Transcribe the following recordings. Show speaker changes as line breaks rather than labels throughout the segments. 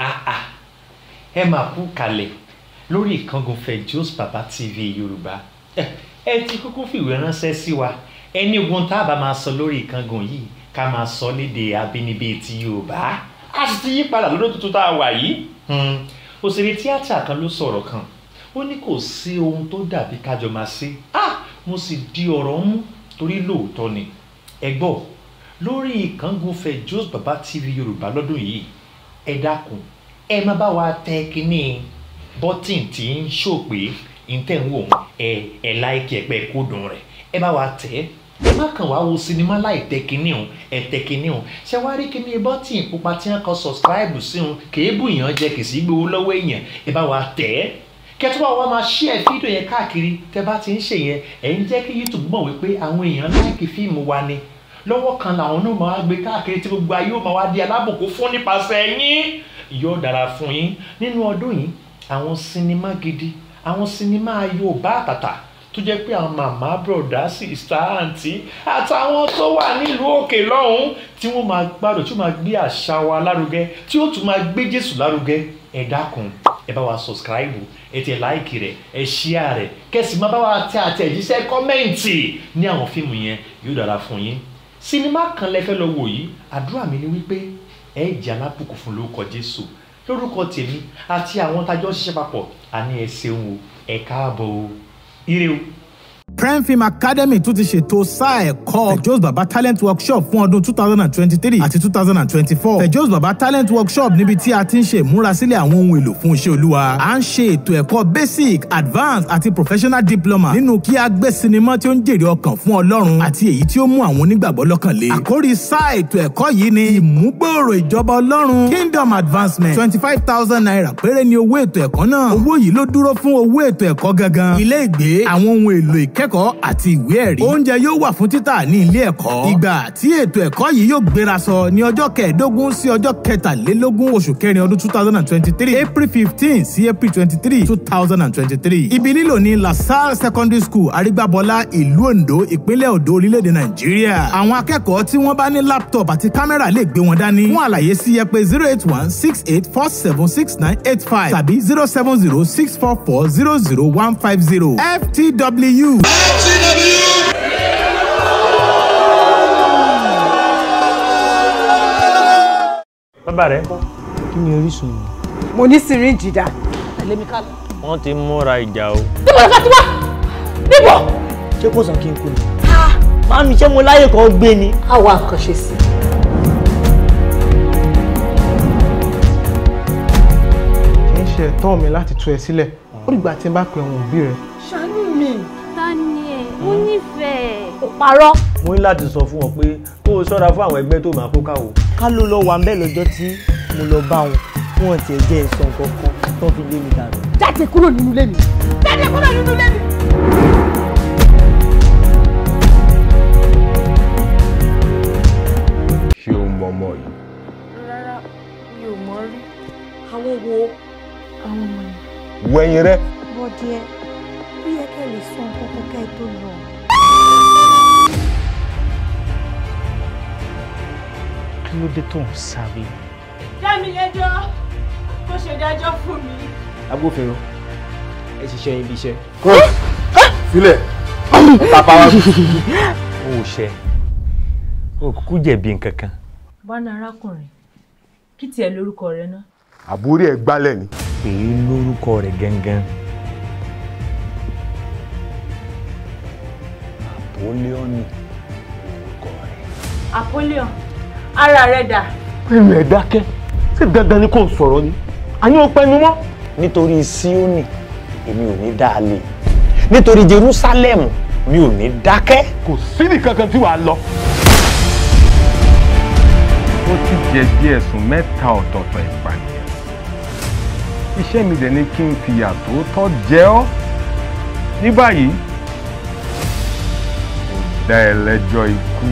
àà ah, ah. ẹ máa kú kalẹ̀ lórí ìkángun Fejosbaba baba tv yorùbá ẹ ti kúkú fìwé ránṣẹ́ sí wa ẹni ogun tá a bá máa sọ lórí ìkángun yìí ká máa sọ léde abínibí ti yorùbá a sì ti yí padà lọ́dún tuntun tá a wà yìí hmm. òṣèré tíátà kan ló sọ̀rọ̀ kan ó ní kò sí ohun tó dàbí kájọ máa ṣe ah mo sì di ọ̀rọ̀ mú torí lóòótọ́ ni ẹ gbọ́ lórí ìkángun Fejosbaba tv yorùbá lọ́dún yìí ẹ dákun ẹ má bá wa tẹ kínní bọ́tìn tí ń ṣò pé ìtẹ̀ ń wò ẹ ẹ láìkí ẹ pé kódùn rẹ̀ ẹ bá wa tẹ̀ ẹ má kàn wá wo sinimá láì tẹ kínní o ẹ tẹ kínní o ṣé wàá rí kínní bọ́tìn pupa tí wọ́n kọ sọ̀sìkíráìbù sí wọn kéébù yàn jẹ kìsì gbowó lọ́wọ́ èèyàn ẹ bá wa tẹ̀ ẹ́ kẹtùbà wa máa ṣí ẹ fídíò yẹn káàkiri tẹ bá ti ń ṣe yẹn ẹ ń jẹ́ kí YouTube mọ̀ wípé àwọn èèyàn láìkí fíìmù wa ni lọ́wọ́ kan làwọn náà máa gbé káàkiri tí gbogbo ayé ó máa wá di alábòkú fún nípasẹ̀ yín yóò dára fún yín nínú ọdún yìí àwọn sinimá gidi àwọn sinimá Yorùbá àtàtà tó jẹ́ pé àwọn màmá bùrọ̀dá sí ìsá àǹtí àtàwọn tó wà nílùú òkè lọ́hùn tí wọ́n máa gbádùn tí wọ́n máa gbé àṣà wa lárugẹ tí ó tún máa gbé Jésù lárugẹ ẹ dákun ẹ bá wa subscribe ẹ tẹ láìkì rẹ ẹ ṣíà rẹ kẹsì máa bá wa tẹ àtẹ̀jíṣẹ́ kọ́mẹ́ǹtì ní àwọn fíìmù yẹn yóò dára fún yín sinimá kan lẹ́fẹ́ lọ wò yìí àdúrà mi ni wípé ẹ jẹ́ alábùkún fún lórúkọ Jésù lórúkọ tèmi àti àwọn tájọ́ ṣiṣẹ́ papọ̀ àní ẹ ṣeun o ẹ káàbọ̀ o
ire o prime film academy tún ti ṣètò sáà ẹ̀kọ́ fejos baba talent workshop fún ọdún 2023 thousand and twenty-three àti two thousand baba talent workshop níbi tí a ti ń ṣe ìmúrasílẹ̀ àwọn ohun èlò fún iṣẹ́ olúwa à ń ṣe ètò ẹ̀kọ́ basic advanced àti professional diploma nínú kí a gbé sinimá tí ó ń jèrè ọkàn fún ọlọ́run àti èyí tí ó mú àwọn onígbàgbọ́ lọ́kàn lé àkórí sáà ètò ẹ̀kọ́ yìí ni ìmúgbòòrò ìjọba ọlọ́run kingdom advancement twenty-five thousand naira péré ni owó ètò ẹ̀kọ́ náà owó yìí ló dúró fún owó ètò ẹ̀kọ́ gangan ilé ìgbé àwọn ohun èlò ìkẹ́kọ̀ọ́ àti ìwé ẹ̀rí. oúnjẹ yóò wà fún títà ní ilé ẹ̀kọ́. ìgbà tí ètò ẹ̀kọ́ yìí yóò gbéra sọ ní ọjọ́ kẹẹ̀ẹ́dógún sí ọjọ́ kẹtàlélógún oṣù kẹrin ọdún two thousand and twenty-three april fifteen sí april twenty-three two thousand and twenty-three. ibi lílò ní lasalle secondary school arígbábọlá ìlú ondo ìpínlẹ̀ ondo orílẹ̀-èdè nàìjíríà. àwọn akẹ́kọ̀ọ́ tí wọ́n bá ní laptop àti kámẹ́rà lè gbé wọn dání. fún àlàyé sí ẹ pé zero eight one six eight four seven six nine eight five tàbí zero seven zero six four four zero zero one five zero ftw
bàbá
rẹ̀ ń kọ́.
kí ni orísun yìí. mo ní síríǹjì dá. tẹ̀lé
mi ká lọ. wọ́n ti múra ìjà o. tí mo lọ ká ti wá níbọ̀.
ṣé kò sàn kí n kú ni. máa mi ṣé mo láyè kan gbé ni. a wá nǹkan ṣe sí i.
kì í ṣe ẹ̀tọ́ mi láti tú ẹ sílẹ̀ ó dìgbà tí n bá pe àwọn òbí rẹ.
ṣáà parọ́.
mo ní láti sọ fún ọ pé kó o ṣọ́ra fún àwọn ẹgbẹ́ tó máa kó káwọ. ká ló lọ wà ń lọ́jọ́ tí mo lọ bá wọn fún ọ̀tí ẹ̀jẹ̀ ẹ̀sọ́ kankan tó fi lé mi dànù. jáde kúrò nínú ilé
jáde kúrò nínú ilé
ṣé o mọ ọmọ yìí.
rárá mi ò mọ rí àwọn wo àwọn ọmọ yìí.
wẹ̀yìn rẹ.
bọ́dẹ bí ẹ kẹ́ lè sọ nǹkan kọ́kẹ́ tó lọ.
ló dé tó ń sáré.
dámilẹ́jọ́ kó ṣe dájọ́ fún mi.
agbófinró ẹ ṣiṣẹ́ yín bí iṣẹ́.
kọ́ sílẹ̀ pàpà wa. o ò ṣe o kúkú jẹ̀bi nǹkan kan.
bánà arákùnrin kí tiẹ̀ lórúkọ rẹ ná.
àbúrò ẹ̀ gbálẹ̀ ni. pè é lórúkọ rẹ̀ gangan.
Napoleon ni orúkọ
rẹ̀. Napoleon ara rẹ dà.
ẹnu ẹ dákẹ́ ṣé dandan ni kò sọ̀rọ̀ ni àní o pẹnu mọ́. nítorí Síónì èmi ò ní dáa lé nítorí Jerúsálẹ́mù mi ò ní dákẹ́. kò síbi kankan
tí wàá lọ. ó ti jẹ̀bi ẹ̀sùn mẹ́ta ọ̀tọ̀ọ̀tọ̀ ìpànìyàn iṣẹ́ mi dẹ̀ ni kí n fìyà tó tọ́ jẹ ọ́ ní báyìí kò dá
ẹlẹ́jọ́ ikú.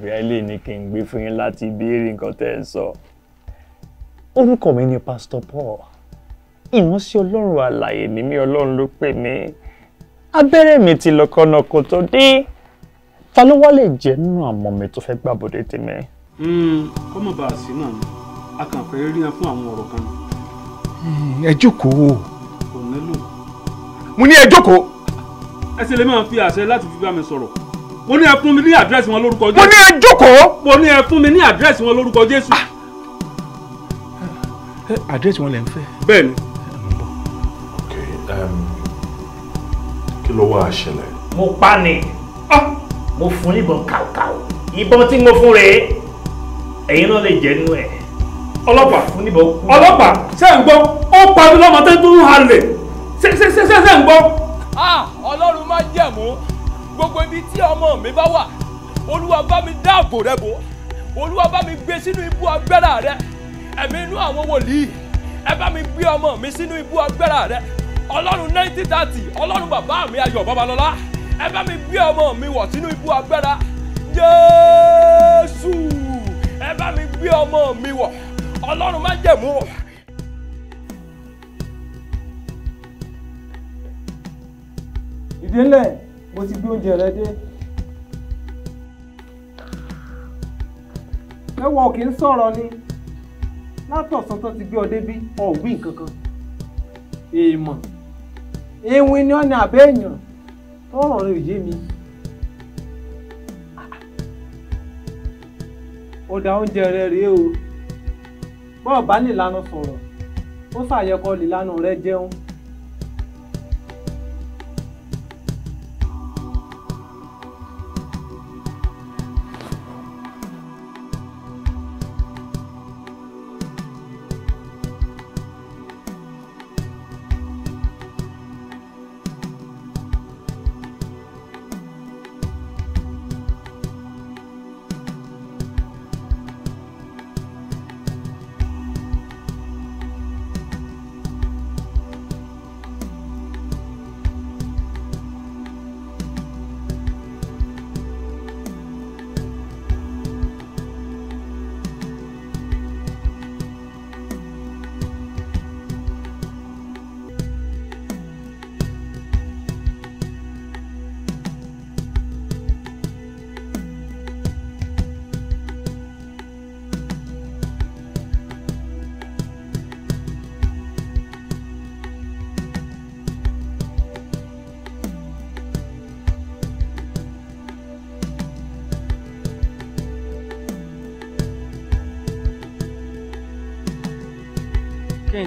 bóyá ilé ni kí n gbé fún yín láti béèrè nǹkan tẹ́ ẹ sọ.
orúkọ mi ni pásítọ̀ Paul
ìránṣẹ́ ọlọ́run àlàyé ni mí ọlọ́run
ló pè mí abẹ́rẹ́ mi ti lọ́kọ́nà kò tó dé ta ló wá lè jẹ́ nínú àmọ́ mi tó fẹ́ gbàbọ̀dé tèmi.
Hmm, kọ́mọ̀ bá a sí náà ni a kàn fẹ́ rí yan fún àwọn ọ̀rọ̀ kan.
Hmm, ẹ jókòó. kò nílò. mo ní ẹ jókòó. ẹ lè máa fi àṣẹ láti fi bá mi sọ̀rọ̀ mo ní ẹ fún mi ní àdírẹ́sì wọn lórúkọ jésù. mo ní ẹ jókòó. mo ní ẹ fún mi ní àdírẹ́sì wọn lórúkọ jésù.
àdírẹ́sì ah. eh, wọn lẹ ń fẹ́.
bẹ́ẹ̀ni. kí ló wá ṣẹlẹ̀. mo pa ni ah, mo fún níbọn kàwkàw ìbọn tí mo fún rèé ẹ̀yin náà lè jẹ́ nínú ẹ̀. ọlọ́pàá ọlọ́pàá ṣe ń gbọ́ ó pa mí lọ́mọ tó ń halẹ̀ ṣe ṣe ṣe ṣe
ń gbọ́. Ah, ọlọ́run má jẹ̀mú gbogbo ibi tí ọmọ mi bá wà olúwa bá mi dáàbò rẹ bò olúwa bá mi gbé sínú ibú agbára rẹ ẹ̀mí inú àwọn wòlíì ẹ bá mi gbé ọmọ mi sínú ibú agbára rẹ ọlọ́run nineteen thirty ọlọ́run bàbá mi ayọ̀ babalọ́lá ẹ bá mi gbé ọmọ mi wọ̀ sínú ibú agbára jésù ẹ bá mi gbé ọmọ mi wọ̀ ọlọ́run má jẹ̀mú.
ìdílé. mo ti bi oúnjẹ rẹ dé. ẹwọ kì í sọ̀rọ̀ ni látọ̀sán tó ti gbé ọ débí ọ̀gbìn kankan èèmọ̀ ewin ni ọ̀nà àbẹ́ èèyàn tọrọ rẹ yé mi. ọ̀dà oúnjẹ rẹ rèé o bọ́ọ̀ bá nílànà sọ̀rọ̀ ó ṣàyẹ̀kọ́ nílànà rẹ jẹun.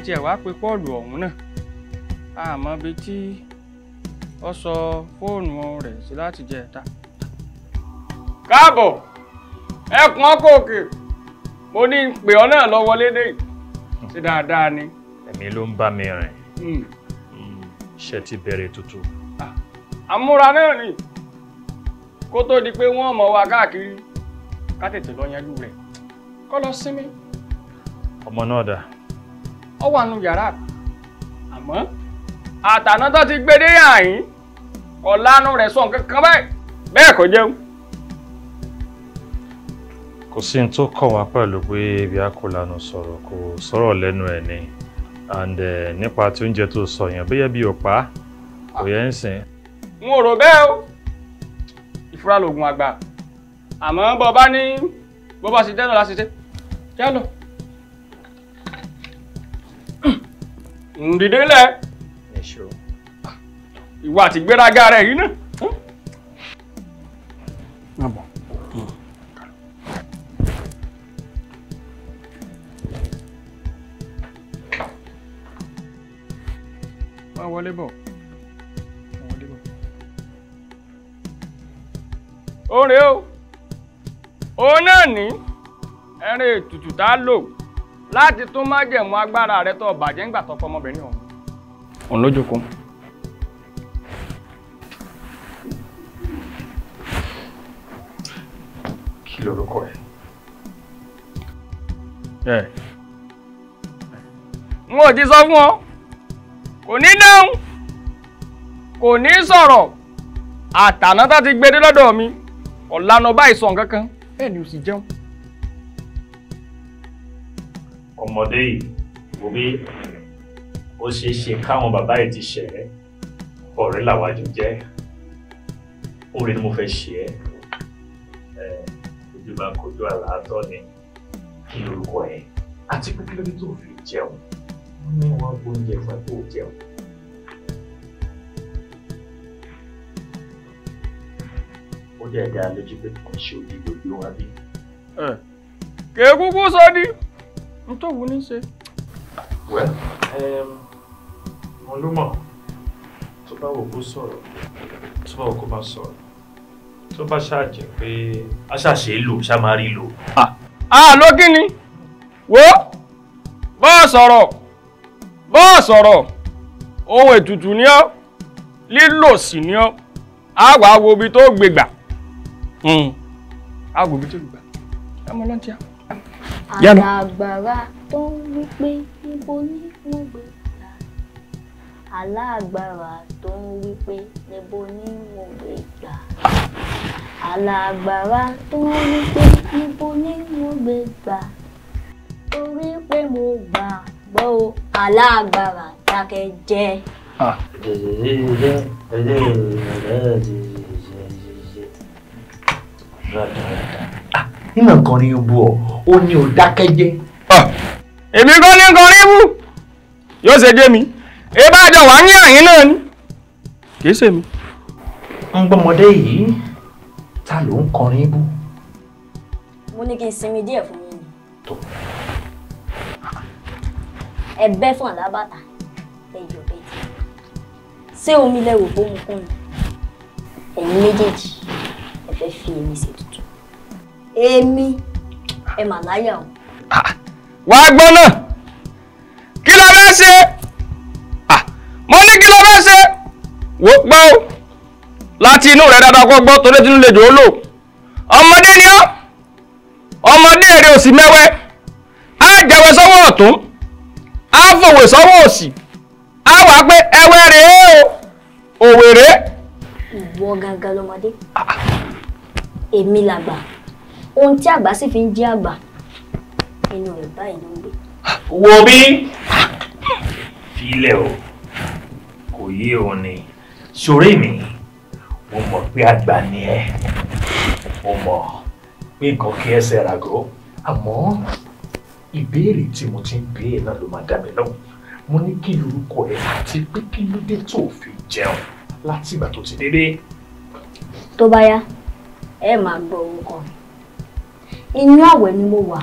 tiẹ̀ wá pe pọ́ọ̀lù ọ̀hún náà àmọ́ bíi tí ó sọ fóònù rẹ̀ sí láti jẹ ẹ̀ta. káàbọ̀ ẹkùn ọkọ̀ òkè mo ní pè ọ́ náà lọ́wọ́ lédè sí dáadáa ni.
ẹ̀mí ló ń bá mi rìn hmm.
ti bẹ̀rẹ̀ tutù.
àmúra náà ni kó tó di pé wọ́n mọ̀ wá káàkiri ká tètè lọ yanjú rẹ̀ lọ sinmi. ọmọ ó wà nù yàrá mi àmọ́ àtàná tó ti gbé dé àyín ọ̀lànà rẹ̀ sọ nǹkan kan báyìí bẹ́ẹ̀ kò jẹun.
kò sí ní tó kàn wá pẹ̀lú pé ibi a kò lanu sọ̀rọ̀ kò sọ̀rọ̀ lẹ́nu ẹ̀ ni and eh, nípa tí oúnjẹ tó sọ yẹn bóyá bí òpá
kò yẹ ń sìn.
n ò rò bẹ́ẹ̀ o ìfura lògùn àgbà àmọ́ bọ́ bá ní bó bá ṣe dẹ́nu láti ṣe jálọ. ǹdìdé lẹ. ìwà àti gbéraga rẹ yìí náà. nàbọ̀. máa wọlé bọ̀. orin o òun náà ní ẹrin ètùtù tá a lò. láti tún má jẹ̀mú agbára rẹ tó bàjẹ́ ńgbà tọkọ ọmọbìnrin ọ̀hún. òun ló jókòó.
kí lorúkọ ẹ. ẹ.
n ò ti sọ fún ọ kò ní dáhùn kò ní sọ̀rọ̀ àtànátà ti gbé dé lọ́dọ̀ mi ọ̀lànà báyìí sọ kankan bẹ́ẹ̀ ni o sì jẹun.
ọmọdé yìí wò bí ó ṣe é ṣe káwọn bàbá yìí ti ṣẹ̀ ẹ́ ọ̀rẹ́ làwọn àjọ jẹ́ òun rẹ̀ ni mo fẹ́ ṣe ẹ́ ojú bá kojú àlàátọ́ ni kí lorúkọ ẹ̀ àti pé kí ló dé tó fi jẹun ní wọn gbóúnjẹ fún ẹ tó jẹun. ó dẹ̀ dá lójú pé kò ń ṣe òdì lójú wọn bí.
kèé sọ ni n tó wù ní
ṣe.
wẹ́ wọn ló mọ̀ tó bá wò kó sọ̀rọ̀ tó bá wò kó bá sọ̀rọ̀ tó bá ṣàjẹ́ pé
a ṣàṣe lò ṣá máa rí lò. a ah,
ah, ló kí ni wo bọ́ọ̀ sọ̀rọ̀ bọ́ọ̀ sọ̀rọ̀ ohun ètùtù ni ọ́ lílò sí ni ọ́ a wàá wo ibi tó gbégbà hmm, a wò ibi tó gbégbà
ẹ mọ lọ́ntì alágbára tó ń wí pé níbo ni wọ́n gbé ta alágbára tó ń wí pé níbo ni wọ́n gbé ta alágbára tó ń wí pé níbo ni wọ́n gbé ta torí pé mo gbà gbọ́ o alágbára dákẹ́ jẹ́.
Rada, rada
nínà kọrin ibu ọ ó ní o dákẹ́jẹ́. Ah.
èmi kọ́ ní kọrin ibu yóò ṣe jẹ́ mi ebá àjọ wà ní àyín náà ni
kì í ṣe mi. ń gbọ́mọdé yìí ta ló ń kọrin ibu.
mo ní kí n sinmi díẹ̀ fún yín ni. ẹ̀bẹ̀ fún àlábàtà ẹ̀yọ̀ bẹ́ẹ̀ ṣé omi lẹ́wọ̀ bó mu kún un ẹ̀yin méjèèjì ẹ fẹ́ fi èmi ṣètò. Emi ẹ mà láyà o. wà á gbọ́ náà
kí la fẹ́ ṣe mo ní kí la fẹ́ wò gbọ́ lati
láti inú rẹ̀ dáadáa kó
gbọ́ torí tinú lè jò ó lò ọmọdé ni ọ́ ọmọdé èrè òsì mẹ́wẹ́ á jẹ̀wé sọ́wọ́ ọ̀tún á fòwé sọ́wọ́ òsì á wà pé ẹwẹ́
o gangan ohun tí àgbà sì fi ń jẹ́ àgbà inú rẹ̀ báyìí ló ń gbé. wo bí
filẹ̀ o kò yé o ni
sórí mi mo mọ̀ pé àgbà ni ẹ mo mọ̀ pé nǹkan kí ẹsẹ̀ ràgó àmọ́ ìbéèrè tí mo ti ń béèrè náà ló máa dá mi lọ́wọ́ mo ní kí lorúkọ ẹ àti pé kí ló dé tó fi jẹun láti tó ti dédé.
tó bá yá ẹ máa gbọ́ orúkọ mi inú àwẹ̀ ni mo wà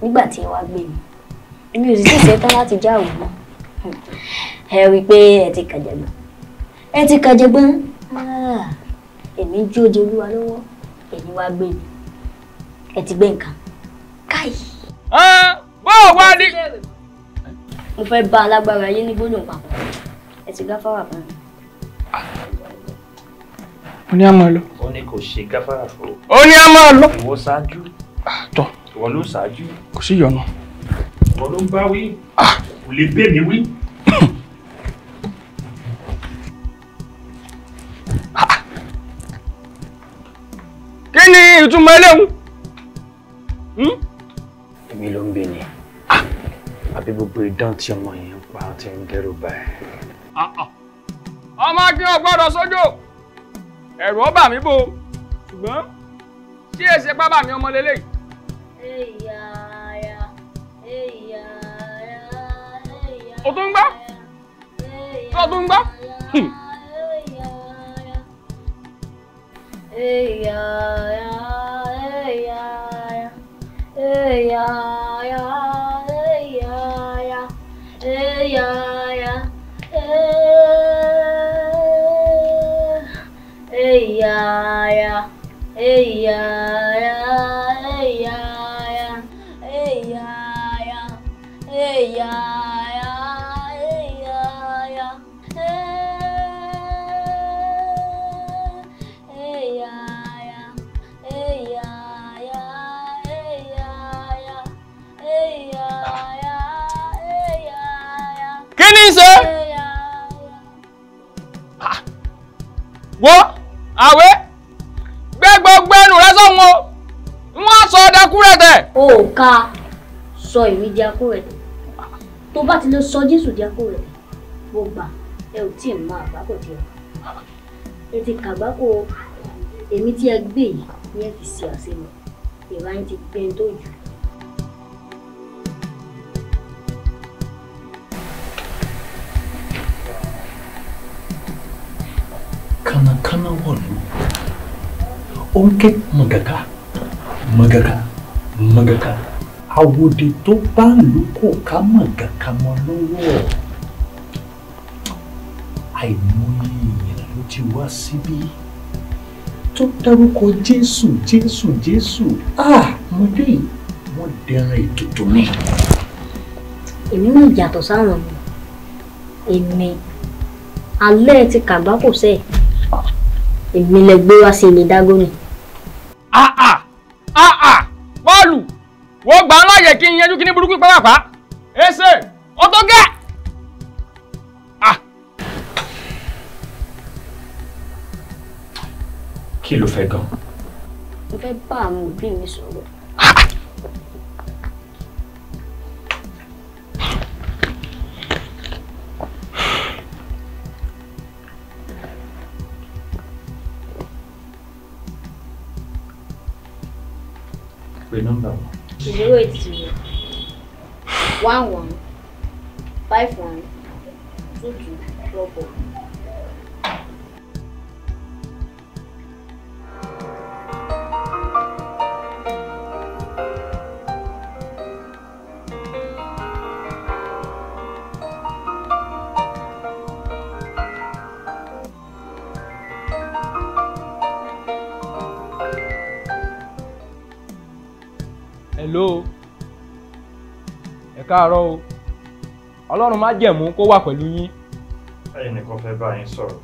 nígbà tí ẹ wá gbé mi èmi ò sì tètè tán láti já àwẹ̀ mọ́ ẹ rí i pé ẹ ti kàjẹ̀gbọ́n ẹ ti kàjẹ̀gbọ́n ah, èmi jóde olúwa lọ́wọ́ èmi wá gbé mi ẹ ti gbé nǹkan káì. bó o wá ní. mo fẹ́ bá alágbára ayé ní gbólóhùn papọ̀ ẹ ti gáfárà fún mi.
ó ní a máa lọ.
ó ní kò ṣe gáfárà fún o.
ó ní
a máa lọ.
ìwọ ṣáájú tọ́. ìwọ ló ṣáájú. kò sí ìyọnu. ìwọ ló ń bá wí. Ah. kò lè bẹ́ẹ̀ mi wí. kí ni
ìtumọ̀ eléhùn.
Hmm? èmi ló ń bẹ ni ah. àbí gbogbo idán tí ọmọ yẹn ń pa ti ń dẹ́rù báyìí.
Ah, ọmọ kí wọn gbọ́dọ̀ sójò ẹ̀rù ọba mi bò ṣùgbọ́n ṣé èsì pábà mi ọmọ lélẹyìí. o tún ń gbọ́ tó o tún ń
Yeah, yeah, yeah.
you say? wo àwẹ̀ gbé gbogbo ẹnu rẹ sọ́hun
o wọ́n á sọ ọ̀dàkúrẹ̀tẹ̀. o ò ka sọ èmi di akúrẹ̀tẹ̀ tó bá ti lè sọ jésù di akúrẹ̀tẹ̀ mo gbà ẹ ò tí ì mọ àgbákò tí ẹ kà ẹ ti kàgbákò èmi tí ẹ gbé yìí ni ẹ fi ṣe àṣemọ ìwà yín ti gbẹ tó jù.
kanákaná wọ̀lú ó ń magaka, magaka, magaka. mọ̀gàká àwòdì tó bá ń lù kò ká mọ̀gàká mọ́ lọ́wọ́ àìmọye
èèyàn ló ti wá síbí tó dárúkọ Jésù Jésù Jésù
àmọdé ah,
wọn dẹran ètùtù mi.
èmi náà yàtọ̀ sáwọn mi èmi alẹ́ ti kàgbá kò sẹ́ẹ̀ èmi lẹ gbé wá sí ilé dágónì. àà
àà pọ́ọ̀lù wo gbà á láàyè kí n yanjú kíní burúkú pápá ẹsẹ̀ ọtọ́ gẹ́ẹ́. Ah.
kí ló fẹ́ gan.
mo fẹ́ bá àwọn òbí mi sọ̀rọ̀. pé nọ́mbà wọn. zero eight zero one one five one two two four four.
hello ẹ káàárọ̀ o ọlọ́run má jẹ̀mú kó wà pẹ̀lú yín.
ẹ̀yin nìkan fẹ́ bá yín sọ̀rọ̀.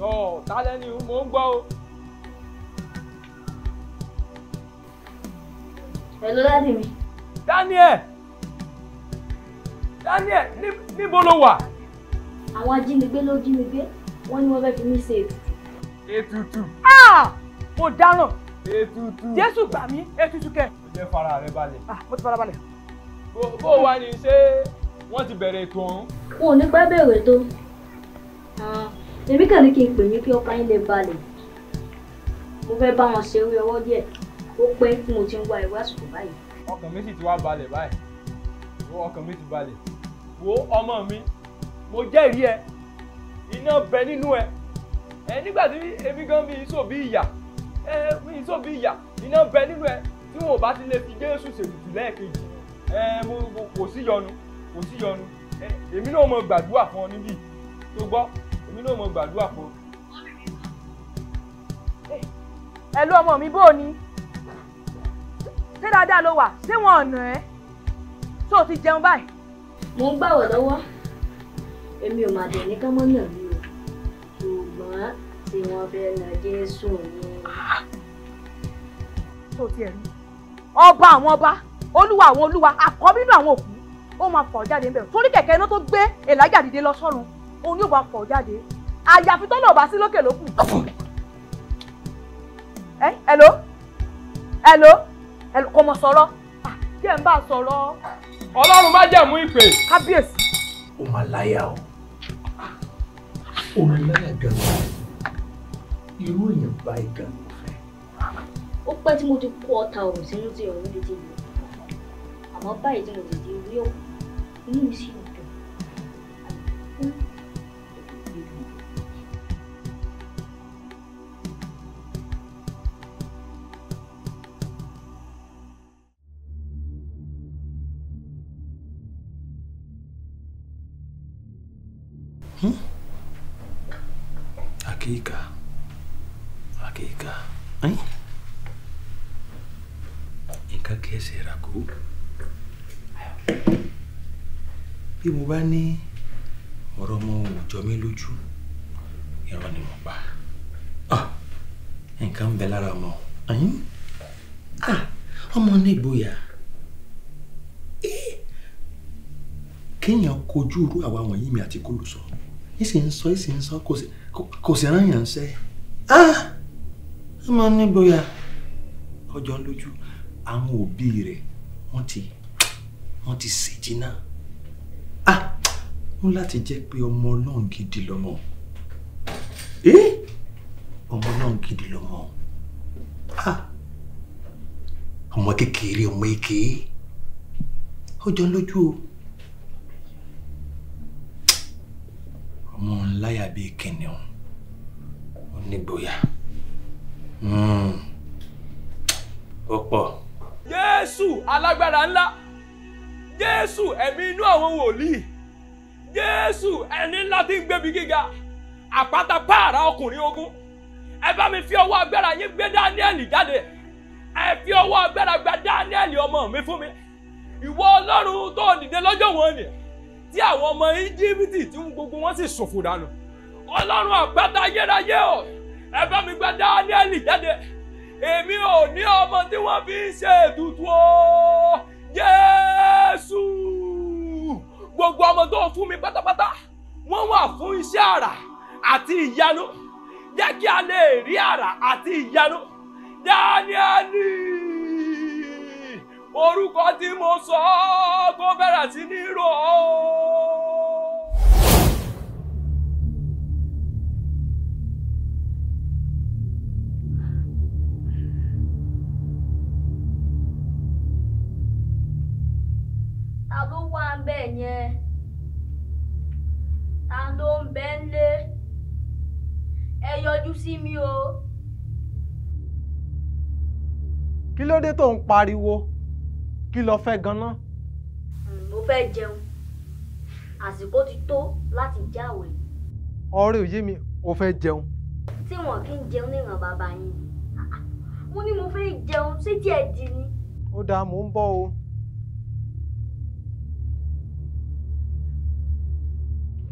tọ́ tálẹ́ ni mò ń gbọ́ o. hello dáàdì mi. daniel daniel níbo ló wà.
àwọn ajínigbé ló jí mi gbé wọ́n ní wọ́n fẹ́ fi mí ṣe ètùtù. ètùtù. Ah! mo dáràn. ètùtù.
jésù gbà mí ètùtù kẹ jẹ́ fara rẹ balẹ̀. Ah, mo ti fara balẹ̀. bó o wá ní ṣé wọ́n ti bẹ̀rẹ̀ ètò ọ̀hún.
wọn ò ní pẹ́ bẹ̀rẹ̀ tó ah, èmi kàn ní kí n pè yín kí ọkàn yín lè balẹ̀ mo fẹ́ bá wọn ṣeré ọwọ́ díẹ̀ ó pẹ́ tí mo ti ń wá ìwásùkò báyìí.
ọkàn mi sì ti wá balẹ̀ báyìí ọkàn mi ti balẹ̀ wo ọmọ mi mo jẹ́rìí ẹ iná bẹ nínú ẹ ẹ nígbà tí èmi gan mi ìṣòbí ìyà ẹ mi ìṣòbí ìyà iná bẹ nínú ẹ tí wọn ò bá ti lè fi jésù ṣètùtù lẹ́ẹ̀kejì ẹ mo kò sí yọnu kò sí yọnu èmi náà mo gbàdúrà fún ọ níbí tó gbọ́ èmi náà mo gbàdúrà fún ọ. ẹ ló ọmọ mi bó o ní ṣé
dáadáa ló wà ṣé wọn ọ̀nà ẹ tó o ti jẹun báyìí. mo ń gbàwọ̀ lọ́wọ́ èmi ò mà dé ní ká mọ́ náà mi o ṣùgbọ́n tí wọ́n fẹ́ na jésù ni. tó ah! o tiẹ̀ rí i ọba àwọn ọba olúwa àwọn olúwa àkọ́bí nínú àwọn òkú ó máa fọ̀ jáde ńbẹ̀ torí kẹ̀kẹ́ iná tó gbé èlàjà dìde lọ sọ́run òun yóò bá fọ̀ jáde àyàfi
tó lọ́ọ̀ bá sí lókè lókù. ẹ hello hello hello kò mọ̀ sọ̀rọ̀ jẹ́ ah, ń bá a sọ̀rọ̀. ọlọ́run má jẹ̀mú
ìpè. kábíyèsí.
ó máa láyà o ó máa láyà
gan-an irú èèyàn báyìí gan-an
ó pẹ́ tí mo ti kó ọta ọ̀rọ̀ sínú tí ọ̀rọ̀ lè ti lò àmọ́ báyìí tí mo ti di orí òkú inú mi sì
bá ní ọ̀rọ̀ ọmọ ò jọ mí lójú irọ́ ni mo pa ah, nǹkan ń bẹ lára ọmọ
ah, ọmọ ní ìgboyà kéèyàn kojú irú àwa wọ̀nyí mi àti kólù sọ ìsì ń sọ ìsì ń sọ kò sì rán yàn ń ah, ọmọ ní ìgboyà
ọjọ́ lójú àwọn òbí rẹ̀ wọ́n ti wọ́n ti ṣèjì náà. wọn láti jẹ́ pé ọmọ ọlọ́run gidi lọ́mọ ọmọ ọlọ́run gidi lọ́mọ ọmọ kékeré ọmọ èké ó jọ lójú o ọmọ ńláyà bíi kìnìún onígboyà hmm. ó pọ̀.
jésù alágbára ńlá jésù ẹ̀mí inú àwọn wòlíì jésù ẹni ńlá tí ń gbébi gíga àpáta pààrà ọkùnrin ogun ẹ bá mi fi ọwọ́ agbára yín gbé dáníẹ́lì jáde ẹ fi ọwọ́ agbára gba dáníẹ́lì ọmọ mi fún mi ìwọ ọlọ́run tó dìde lọ́jọ́ wọn ni tí àwọn ọmọ íjíbítì tí gbogbo wọn sì ṣòfò dànù ọlọ́run àpáta ayérayé o ẹ bá mi gba dáníẹ́lì jáde èmi ò ní ọmọ tí wọ́n fi ń ṣe ètùtù o jésù gbogbo ọmọ tó fún mi pátápátá wọ́n wà fún iṣẹ́ àrà àti ìyanu jẹ́ kí a lè rí àrà àti ìyanu dáníẹ́lì orúkọ tí mo sọ ọ́ tó sí ní rò
wà ń bẹ̀ yẹn ta ló ń bẹ ń lé ẹ yọjú sí mi o.
kí ló dé tó ń pariwo kí lo fẹ́ ganan.
mo fẹ́ jẹun àsìkò ti tó láti jáwé.
ọ̀rẹ́ òye mi ò fẹ́ jẹun.
tí wọn kì í jẹun níran bàbá yín mo ní mo fẹ́ jẹun sétí ẹ̀
di ni. ó dáa mò ń bọ̀ o.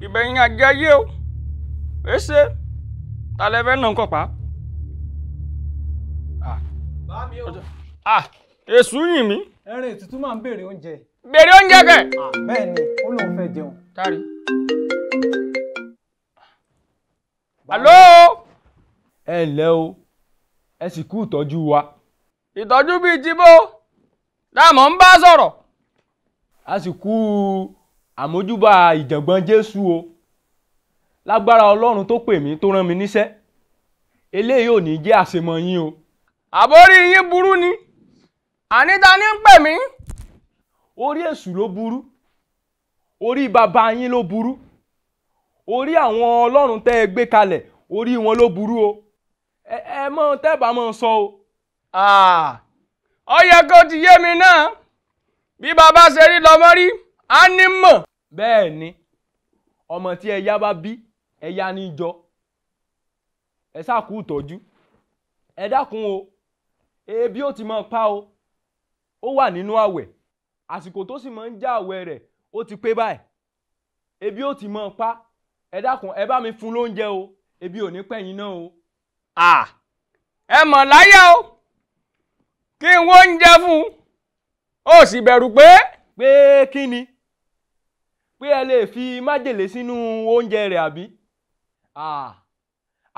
ìbẹ̀yìn àjẹyé o èsè ta lẹ fẹ́ nà ń kọ̀pá. èsù yìn mí.
ẹrin ètùtù máa ń béèrè oúnjẹ. béèrè oúnjẹ kẹ. bẹ́ẹ̀ ni
ó lóun fẹ́ jẹun. kárí. àló. ẹ ǹlẹ́ o ẹ sì kú ìtọ́jú wa. ìtọ́jú bíi ti bó dáàmú ń bá sọ̀rọ̀. a sì kú àmójúbà ìjàngbọ̀n jésù o lágbára ọlọ́run tó pè mí tó rán mi níṣẹ́ eléyìí ò ní jẹ́ àṣemọ yín o. àbórí yín burú ni àní ta ni ń pè mí. orí èṣù ló burú orí bàbá yín ló burú orí àwọn ọlọ́run tẹ́ ẹ gbé kalẹ̀ orí wọn ló burú o ẹ ẹ mọ tẹ́ mọ sọ o. ó yẹ kó ti yé mi náà bí bàbá ṣe rí lọ́mọ rí á ní mọ̀ bẹ́ẹ̀ ni ọmọ tí ẹ̀yà bá bí ẹ̀yà ní í jọ ẹ ṣàkú ìtọ́jú ẹ dákun o ebi ó ti máa pa o ó wà nínú àwẹ̀ àsìkò tó sì máa ń já àwẹ̀ rẹ̀ ó ti pé báyìí ebi ó ti máa pa ẹ dákun ẹ bá mi fún lóúnjẹ o ebi ò ní pẹ̀yìn náà o. à ẹ mọ̀ láyà o kí n wọ́n ń jẹ́ fún un ó sì bẹ̀rù pé. pé kí ni pé ẹ lè fi májèlé sínú oúnjẹ rẹ̀ àbí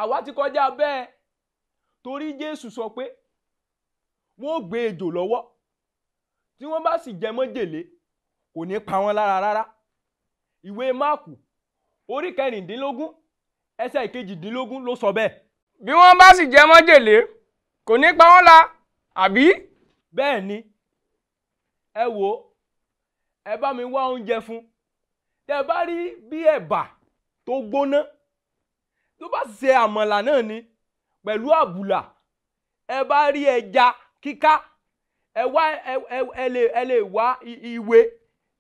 àwa ti kọjá bẹ́ẹ̀ torí Jésù sọ pé wọ́n gbé ejò lọ́wọ́ tí wọ́n bá sì jẹ májèlé kò ní pa wọ́n lára rárá ìwé Máàkù orí kẹrìndínlógún ẹsẹ̀ ìkejìdínlógún ló sọ bẹ́ẹ̀. bí wọ́n bá sì jẹ májèlé kò ní pa wọ́n la àbí. bẹ́ẹ̀ ni ẹ wò ẹ bá mi wá oúnjẹ fún un tẹ́ bá rí bí ẹ̀bà tó gbóná tó bá ṣe àmàlà náà ni pẹ̀lú àbùlà ẹ bá rí ẹja kíká ẹ wá ẹ lè ẹ lè wá ìwé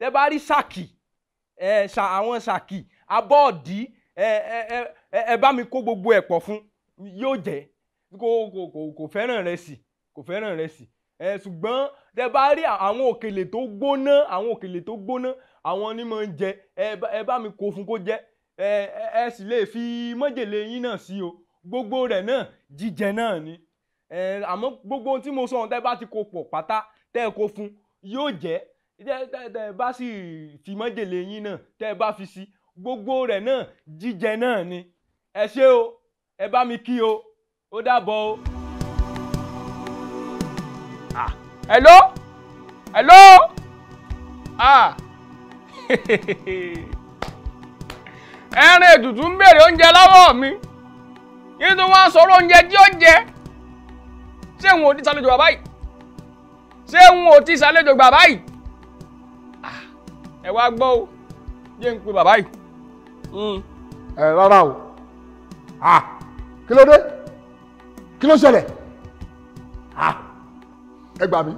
tẹ́ bá rí ṣàkì ẹ ṣà àwọn ṣàkì abọ́ọ̀dì ẹ ẹ ẹ bá mi kó gbogbo ẹ̀ pọ̀ fún yóò jẹ́ kò kò kò kò fẹ́ràn rẹ̀ sí kò fẹ́ràn rẹ̀ sí ẹ ṣùgbọ́n tẹ́ bá rí àwọn òkèlè tó gbóná àwọn òkèlè tó gbóná àwọn ni jẹ ẹ bá mi kó fún kó jẹ ẹ sì lè fi májèlé yín náà sí o gbogbo rẹ̀ náà jíjẹ náà ni àmọ́ gbogbo ohun tí mo sọ ohun tẹ́ bá ti kó pọ̀ pátá tẹ́ ẹ kó fún yóò jẹ́ tẹ́ ẹ bá sì fi májèlé yín náà tẹ́ ẹ bá fi sí gbogbo rẹ̀ náà jíjẹ náà ni ẹ ṣé o ẹ bá mi kí o ó dàbọ̀ o. Ah, hello hello ah. ẹran ètùtù ń béèrè oúnjẹ lọ́wọ́ mi nítorí wọ́n á sọ̀rọ̀ oúnjẹ tí ó jẹ ṣé wọn ò ti ṣàlejò bàbá yìí ṣé wọn ò ti ṣàlejò bàbá yìí ẹ wá gbọ́ o jẹ́ ń pe bàbá yìí. Hmm. ẹ rárá o
kí ló dé kí ló ṣẹlẹ̀ ẹ gbà mí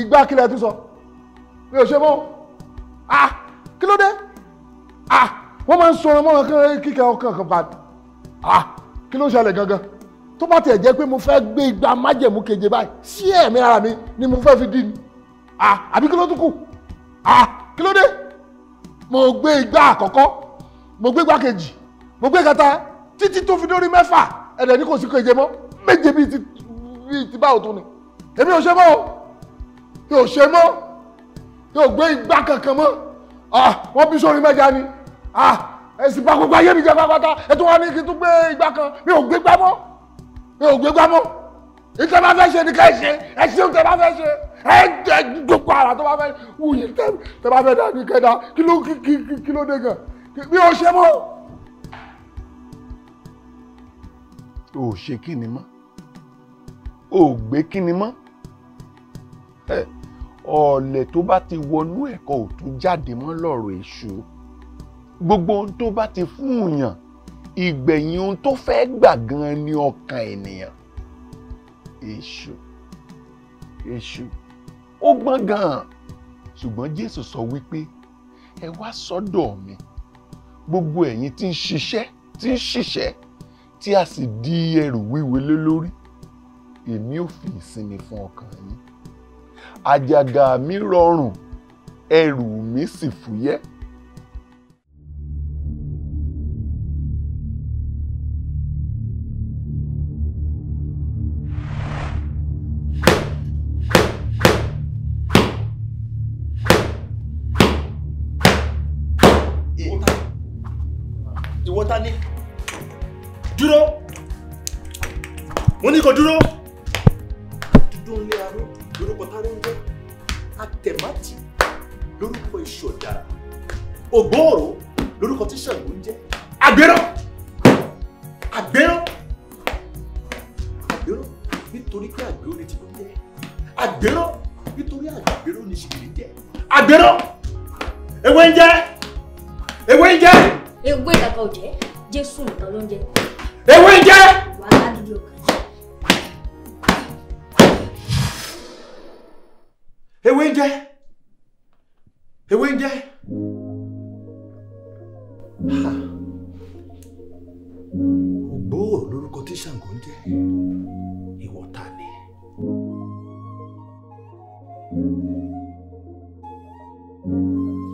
ìgbà kílẹ̀ tún sọ mi ò ṣe mọ́ ah kí ló dé ah wọ́n máa ń sọ̀rọ̀ mọ́ràn kan kíkẹ́ ọkàn kan bá ah kí ló ń ṣẹlẹ̀ gangan tó bá tiẹ̀ jẹ́ pé mo fẹ́ gbé igba májẹ̀mú keje báyìí sí ẹ̀mí ara mi ni mo fẹ́ fi dì ní ah àbí kí ló tún kù ah kí ló dé mo gbé igba àkọ́kọ́ mo gbé igba kejì mo gbé kẹta títí tó fi dórí mẹ́fà ẹ̀dẹ̀ ní kò sí keje mọ́ méje bíi ti báwo tó ni èmi ò ṣe mọ́ o mi ò ṣe mọ́ o yóò gbé igbá kankan mọ́ ah, wọ́n bí sórí mẹ́ja ni ah, ẹ̀sìn bá gbogbo ayé mi jẹ́ pátápátá ẹ̀ tó wá ní kí n tún gbé igbá kan mi ò gbé gbá mọ́ mi ò gbé gbá mọ́ ìtẹ́ bá fẹ́ ṣe ni ká ẹ ṣe ẹ ṣe ń tẹ́ bá fẹ́ ṣe ẹ jẹ gbogbo ara tó bá fẹ́ wù yín tẹ́ bá fẹ́ dá ní kẹ́dá kí ló kí ló dé gan mi ò ṣe mọ́.
o ò ṣe kí ni mọ́ o ò gbé kí ni mọ́ ọ̀ọ̀lẹ̀ tó bá ti wọnú ẹ̀kọ́ ò tún jáde mọ́ lọ́rọ̀ èṣù gbogbo ohun tó bá ti fún èèyàn ìgbẹ̀yìn ohun tó fẹ́ gbà gan ni ọkàn ènìyàn èṣù èṣù ó gbọ́n gan-an ṣùgbọ́n Jésù sọ wípé ẹ wá sọ́dọ̀ mi gbogbo ẹ̀yin tí ń ṣiṣẹ́ tí ń ṣiṣẹ́ tí a sì di ẹrù wíwelé lórí èmi ò fi ìsinmi fún ọkàn yín àjàgà mi rọrùn ẹrù mi sì fúyẹ́.
ìwọ ta ni dúró mo ní kó dúró. oríṣiríṣi ọ̀daràn ògbóòrò lórúkọ tí Ṣàngó ń jẹ́ àgbéràn àgbéràn àgbéràn nítorí pé àgbérò ni ti ló jẹ́ àgbéràn nítorí àgbérò ni ṣìkìrì jẹ́ àgbéràn ewé ń jẹ́ ewé ń jẹ́.
ewé ìdàgbà ò jẹ́ Jésù nìkan ló ń jẹ́.
ewé ń jẹ́. ewé ń jẹ́ ewé ń jẹ́ ògbóòrò lórúkọ tí Ṣàngó ń jẹ́
ìwọ ta ni.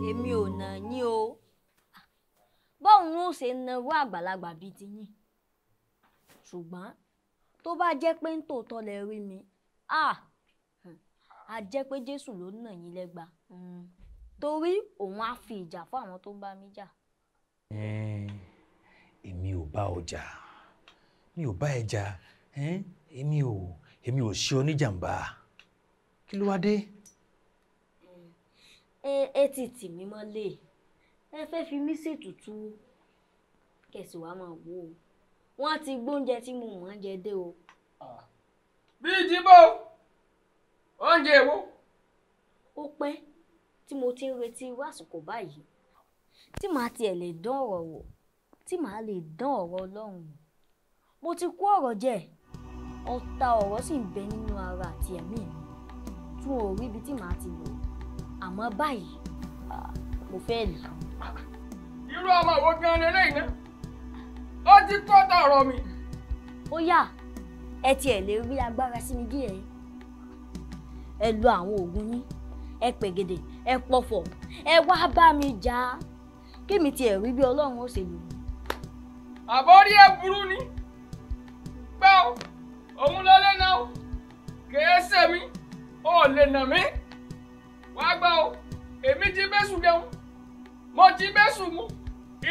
èmi ò nà yín o báwo ni ó ṣe nawó àgbàlagbà bíi ti yín ṣùgbọ́n tó bá jẹ́ pé ń tòótọ́ lẹ rí mi a jẹ́ pé Jésù ló nà yín lẹ́gba. Hmm torí òun á fi ìjà fún àwọn tó bá mi jà.
èmi ò bá ọjà mi ò bá ẹja èmi ò èmi ò ṣe oníjàmbá
kí ló wá dé. ẹ ẹ ti tì mí mọ́lẹ̀ ẹ fẹ́ fi mí ṣètùtù kẹ̀sì wàá máa wò ó wọ́n ti gbóúnjẹ tí mo mọ̀ ń jẹ dé o. bíi jíbó oúnjẹ èwo. ó pẹ́ tí mo ti ń retí irú àsìkò báyìí tí màá tiẹ̀ lè dán ọ̀rọ̀ wò tí màá lè dán ọ̀rọ̀ ọlọ́run wò mo ti kó ọ̀rọ̀ jẹ ọ̀tá ọ̀rọ̀ sì ń bẹ nínú ara àti ẹ̀mí mi tí wọn ò rí ibi tí màá ti lò àmọ́ báyìí mo fẹ́ lò. irú ọmọ wo gan ni eléyìí ná ó ti tó ọ̀rọ̀ mi. ó yá ẹ tiẹ̀ lè rí agbára sí mi díẹ̀ ẹ lo àwọn oògùn yín ẹ pègèdè ẹ pọ̀fọ̀ ẹ wá bá mi jà á kémi tiẹ̀ rí bí ọlọ́run ó ṣe lò mí.
àbórí ẹ burú ni gbọ́ òun ló lè nà ó kèé sẹ́mi ó lè nà mí wá gbọ́ ó èmi ti bẹ́sù jẹun mo ti bẹ́sù mu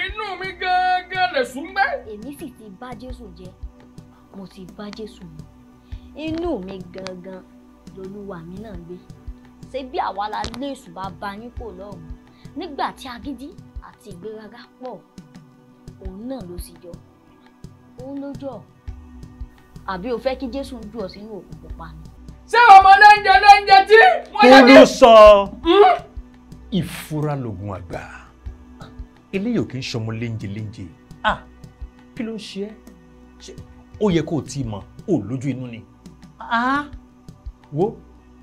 inú mi gángan lè sùn gbẹ́.
èmi sì ti bá jésù jẹ mo ti bá jésù mu inú mi gangan lolúwa mi náà gbé ṣé bí àwa la lé èṣù bá ba yín kò lọ́rùn nígbà tí agídí àti ìgbéraga pọ̀ òun náà ló sì jọ òun ló jọ àbí o fẹ́ kí jésù ń jù ọ sínú òkun pupa ni. ṣé ọmọ lóúnjẹ lóúnjẹ tí.
kúrú sọ hmm? ìfura lògùn àgbà eléyìí ò kí ń ṣọmọ léńjẹ léńjẹ
ah kí ló ń ṣe
ẹ́ ó yẹ kó o ti mọ̀ ó lójú inú ni ah wo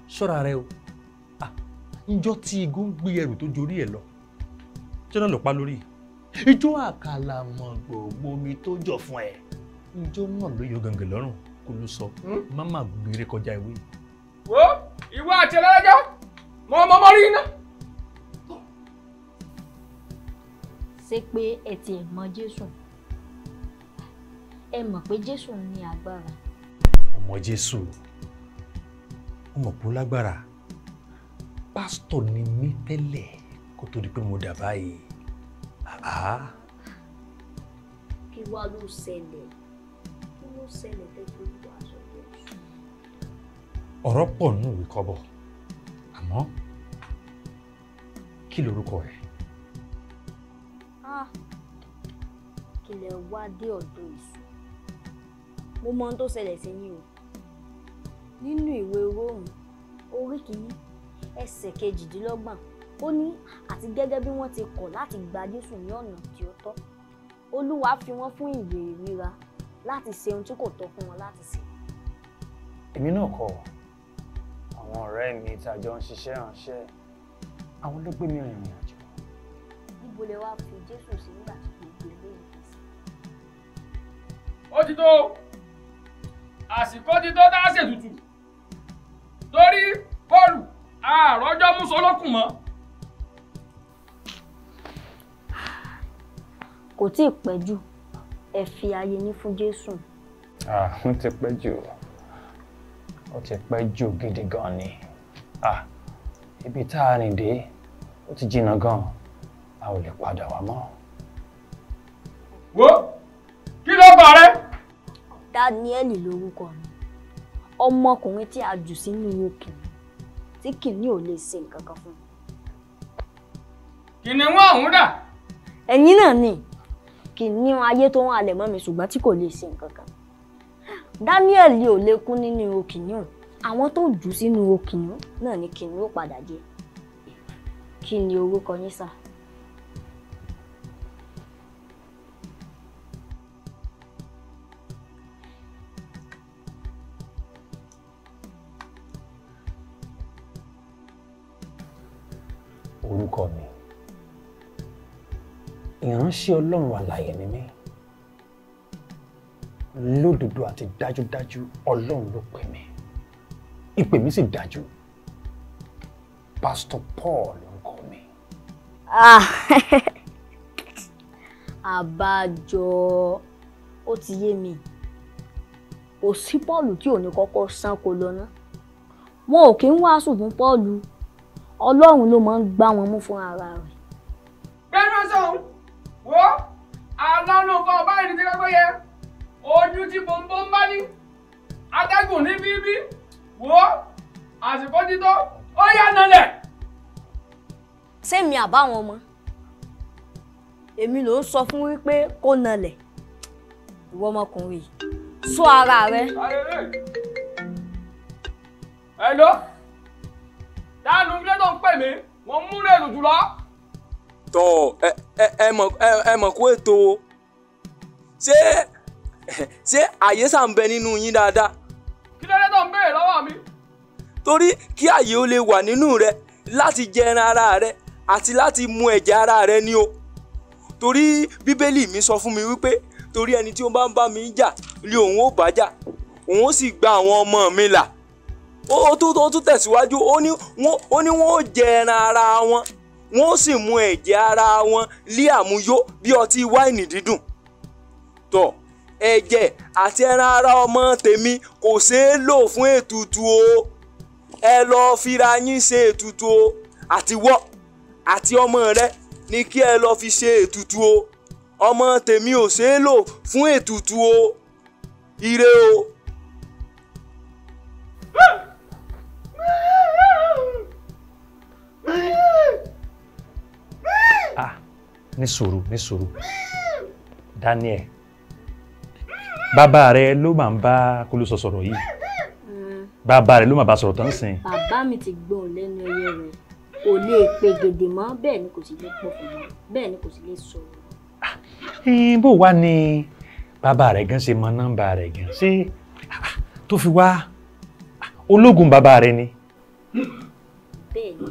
ṣọ́ra rẹ o njọ́ tí igun ń gbé ẹrù tó jorí ẹ̀ lọ jọ́nà ló pa lórí ijó àkàlà mọ̀ gbogbo omi tó jọ fún ẹ̀ njọ́ náà ló yọ gàngàn lọ́rùn kó ló sọ má hmm? má gbére kọjá ìwé yìí.
wo
ìwọ àti ẹlẹ́jọ́ mọ ọmọ mọ rí iná.
ṣé pé ẹ ti ẹ̀ mọ Jésù ẹ mọ̀ pé Jésù ní agbára.
ọmọ Jésù ọmọ kò lágbára pásítọ̀ ni mí tẹ́lẹ̀ kó tó di pé mo dà
báyìí.
kí wá ló ṣẹlẹ̀ kí ló ṣẹlẹ̀ tẹ́tí ìwà sọ̀rọ̀
ọ̀rọ̀ pọ̀ nínú ìwé kọ́bọ̀ àmọ́ kí lorúkọ ẹ̀.
Ah, kí lẹ wá dé ọ̀dọ̀ èṣù mo mọ ohun tó ṣẹlẹ̀ sí yín o nínú ìwé róòmù orí kìíní ẹsẹ̀ kejìdínlọ́gbọ̀n ó ní àti gẹ́gẹ́ bí wọ́n ti kọ̀ láti gba Jésù ní ọ̀nà tí ó tọ́ Olúwa fi wọ́n fún ìyè ìríra láti ṣe ohun tí kò tọ́ fún wọn láti ṣe.
èmi náà kọ àwọn ọ̀rẹ́ mi tá a jọ ń ṣiṣẹ́ ránṣẹ́ àwọn ló gbé mi rìn ìrìn àjò.
níbo lè wá fi Jésù sí nígbà tí kò gbé ilé ìwé sí.
ó ti tó àsìkò ti tó dá ṣètùtù torí bọ́ọ̀lù àròjọ́ mú sọlọ́kùn mọ́.
kò tí ì pẹ́ jù ẹ fi ààyè ní fún jésù.
ó ti pẹ́ jù ó ti pẹ́ jù gidi gan ni ibi tá a rìn dé ó ti jìnnà gan a ò lè padà wá mọ́.
wo
kí ló bá rẹ. daniel lorúkọ mi ọmọkùnrin tí a jù sínú òkè mi tí kìnìún ò lè ṣe nǹkan kan fún.
kìnìún ọ̀hún dà.
ẹ̀yin náà ni kìnìún ayé tó ń halẹ̀ mọ́ mi ṣùgbọ́n tí kò lè ṣe nǹkan kan. Daniel ò lè kú nínú ihò kìnìún àwọn tó jù sínú ihò kìnìún náà ni kìnìún ó padà jẹ kí ni orúkọ yín sáà.
orúkọ mi
ìránṣẹ́ ọlọ́run àlàyé ni mí lódodo àti dájúdájú ọlọ́run ló pè mí ìpè
mi sì dájú pásítọ̀ Paul ló ń kọ́ mi.
àbájọ ah, ó ti yé mi kò sí Paul tí ò ní kọ́kọ́ sán kó lọ ná wọn ò kí ń wàásù fún Paul ọlọ́run ló máa ń gbá wọn mú fún ara rẹ̀.
bẹ́ẹ̀ sọ wo alánú kan ọba ìdí tí kọ́kọ́ yẹ ojú tí bòńbòń bá ní atẹ́gùn ní bíbí wo àsìkò títọ́ ó yà nálẹ̀.
sẹ́mi àbáwọn ọmọ èmi ló ń sọ fún wípé kó nalẹ̀ ìwọ ọmọkùnrin yìí sọ ara rẹ.
hello láàánú ilé tó ń pè mí wọ́n mú rẹ̀ lù jùlọ. tọ ẹ ẹ ẹ mọ̀ kó ètò o ṣé ṣé àyè ṣà ń bẹ nínú yín dáadáa. kí ló dé tó ń béèrè lọ́wọ́ mi. torí kí àyè ó lè wà nínú rẹ láti jẹran ara rẹ àti láti mu ẹ̀jẹ̀ ara rẹ ni o torí bíbélì mi sọ fún mi wípé torí ẹni tí ó bá ń bá mi jà lé òun ó bá jà òun ó sì gba àwọn ọmọ mi là ó tún ó tún tẹ̀síwájú ó ní wọ́n ó jẹ ẹran ara wọn wọ́n ó sì mu ẹ̀jẹ̀ ara wọn lé àmúyó bí ọtí wáìnì dídùn tó ẹ̀jẹ̀ àti ẹran ara ọmọ tèmi kò ṣeé lò fún ètùtù o ẹ lọ́ọ́ fira yín ṣe ètùtù o àtiwọ́ àti ọmọ rẹ ni kí ẹ lọ́ọ́ fi ṣe ètùtù o ọmọ tèmi ò ṣeé lò fún ètùtù o ire o. Woo!
ah
ní sùúrù Daniel bàbá rẹ ló máa ń bá Kólúsọ sọ̀rọ̀ yìí bàbá rẹ ló máa bá sọ̀rọ̀ tán sìn.
bàbá mi ti gbọ́n lẹ́nu ẹyẹ rẹ̀ kò lè pe gèdè mọ́ bẹ́ẹ̀ ni kò sì lè pọ̀ fún wọn bẹ́ẹ̀ ni kò sì lè sọ̀rọ̀.
Ah, bó wá ni bàbá rẹ̀ gan ṣe mọ nọ́mbà rẹ̀ gan ṣé ah, tó fi wá ah, ológun bàbá rẹ̀ ni.
bẹ́ẹ̀ ni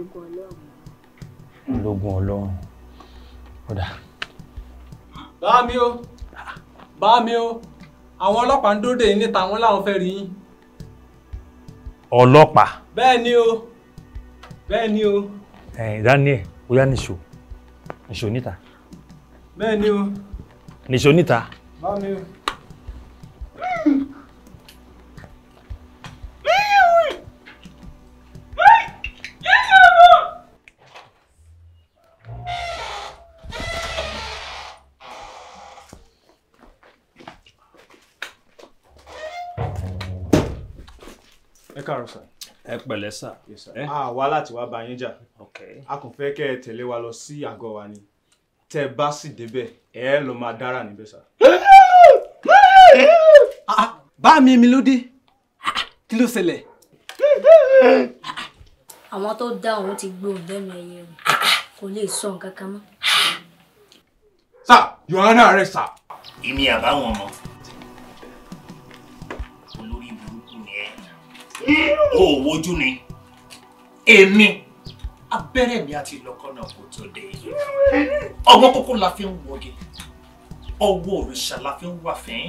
lógún ọlọ́run.
lógún ọlọ́run kódà.
bá mi o bá mi o àwọn ọlọ́pàá ń dóde níta wọn láwọn fẹ́ rí yín. ọlọ́pàá. bẹ́ẹ̀ ni o bẹ́ẹ̀ ni o.
ẹ̀yin Daniel ó yá nìṣó nìṣó níta. bẹ́ẹ̀ ni o. nìṣó níta.
bá o.
pẹ̀lẹ́ sà. Eh? a ah, wá láti wá bá jà a kàn fẹ́ kẹ́ ẹ tẹ̀lé wa lọ sí àgọ́ wa ni tẹ́ ẹ bá sì débẹ̀ ẹ lọ máa dára níbẹ̀ sà.
Ah, ah, bá mi mi ló dé kí ló ṣẹlẹ̀.
àwọn tó dá òun ti gbóhùn lẹ́nu ẹ̀yẹ kò lè sọ nǹkan kan mọ́.
sà Yohana rẹ sà. èmi àbáwọn ọmọ. o ò wojú ni èmi abẹ́rẹ́ mi àti ìlọ́kọ́nà kò tó dé ọwọ́ kókó la fi ń wọge ọwọ́ òrìṣà la fi ń wà fín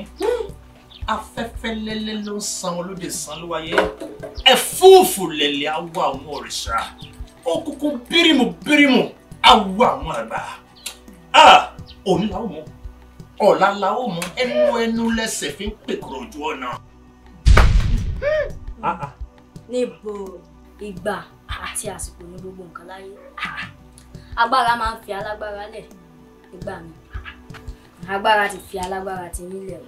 afẹ́fẹ́ lẹ́lẹ́ ló ń san olóde san ló wáyé ẹ̀fúùfù lẹ̀lẹ̀ awọ àwọn òrìṣà òkùnkùn bírímù bírímù awọ àwọn àgbà òní la ó mọ ọ̀la la ó mọ ẹnu ẹnu lẹ́sẹ̀ fi ń pèkúrò ojú ọ̀nà.
Ah, ah. níbo ìgbà àti àsìkò ní gbogbo nǹkan láyé agbára máa ń fi alágbára lẹ̀ nígbà mi agbára ti fi alágbára ti nílẹ̀ o.